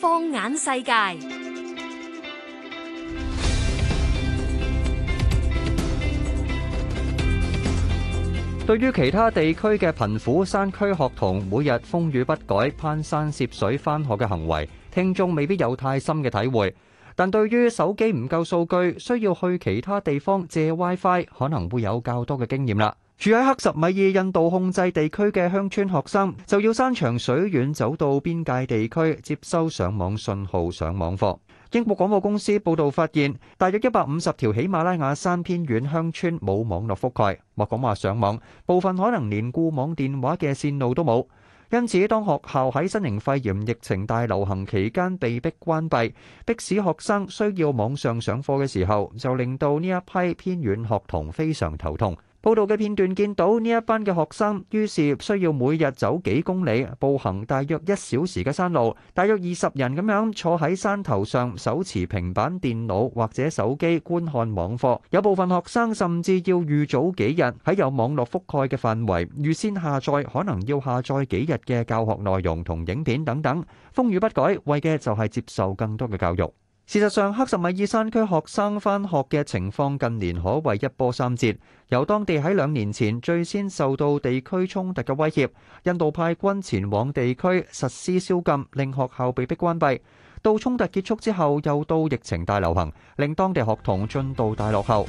放眼世界，對於其他地區嘅貧苦山區學童，每日風雨不改、攀山涉水返學嘅行為，聽眾未必有太深嘅體會；但對於手機唔夠數據，需要去其他地方借 WiFi，可能會有較多嘅經驗啦。住喺克什米爾印度控制地區嘅鄉村學生，就要山長水遠走到邊界地區接收上網信號、上網課。英國廣播公司報導發現，大約一百五十條喜馬拉雅山偏遠鄉村冇網絡覆蓋，莫講話上網，部分可能連固網電話嘅線路都冇。因此，當學校喺新型肺炎疫情大流行期間被逼關閉，迫使學生需要網上上上課嘅時候，就令到呢一批偏遠學童非常頭痛。報道嘅片段見到呢一班嘅學生，於是需要每日走幾公里、步行大約一小時嘅山路，大約二十人咁樣坐喺山頭上，手持平板電腦或者手機觀看網課。有部分學生甚至要預早幾日喺有網絡覆蓋嘅範圍，預先下載可能要下載幾日嘅教學內容同影片等等。風雨不改，為嘅就係接受更多嘅教育。事實上，克什米爾山區學生返學嘅情況近年可謂一波三折。由當地喺兩年前最先受到地區衝突嘅威脅，印度派軍前往地區實施宵禁，令學校被逼關閉；到衝突結束之後，又到疫情大流行，令當地學童進度大落後。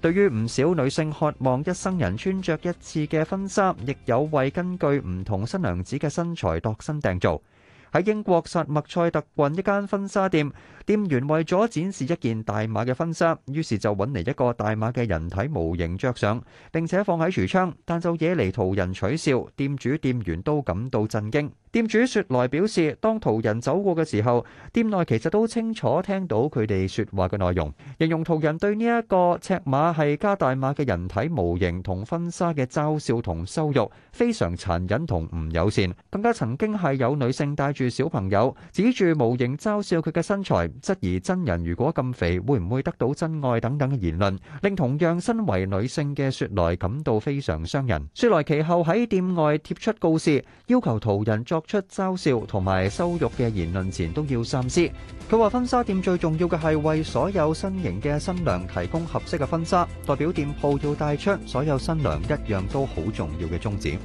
對於唔少女性渴望一生人穿著一次嘅婚紗，亦有為根據唔同新娘子嘅身材度身訂做。喺英國薩默塞特郡一間婚紗店，店員為咗展示一件大碼嘅婚紗，於是就揾嚟一個大碼嘅人體模型着上，並且放喺櫥窗，但就惹嚟途人取笑，店主店員都感到震驚。店主雪萊表示，當途人走過嘅時候，店內其實都清楚聽到佢哋說話嘅內容。形容途人對呢一個尺碼係加大碼嘅人體模型同婚紗嘅嘲笑同羞辱，非常殘忍同唔友善。更加曾經係有女性帶住小朋友指住模型嘲笑佢嘅身材，質疑真人如果咁肥會唔會得到真愛等等嘅言論，令同樣身為女性嘅雪萊感到非常傷人。雪萊其後喺店外貼出告示，要求途人作出嘲笑同埋羞辱嘅言論前都要三思。佢話婚紗店最重要嘅係為所有身形嘅新娘提供合適嘅婚紗，代表店鋪要帶出所有新娘一樣都好重要嘅宗旨。